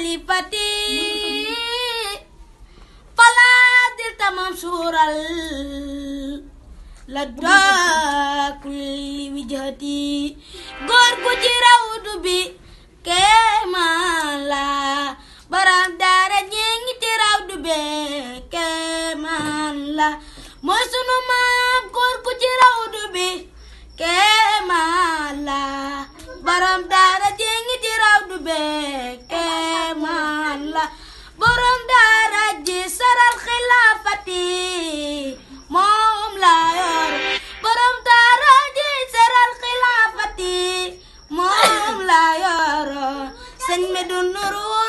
خليفتي فلا درت منصورا لدى كل وجهتي غرق جراود بي كمالا برام دار نيغي تراود بي كمالا mooy sunu maam góor gu ci rawdu bi kéema la borom daara jéngi ci rawdu bi sëñ bi du nuru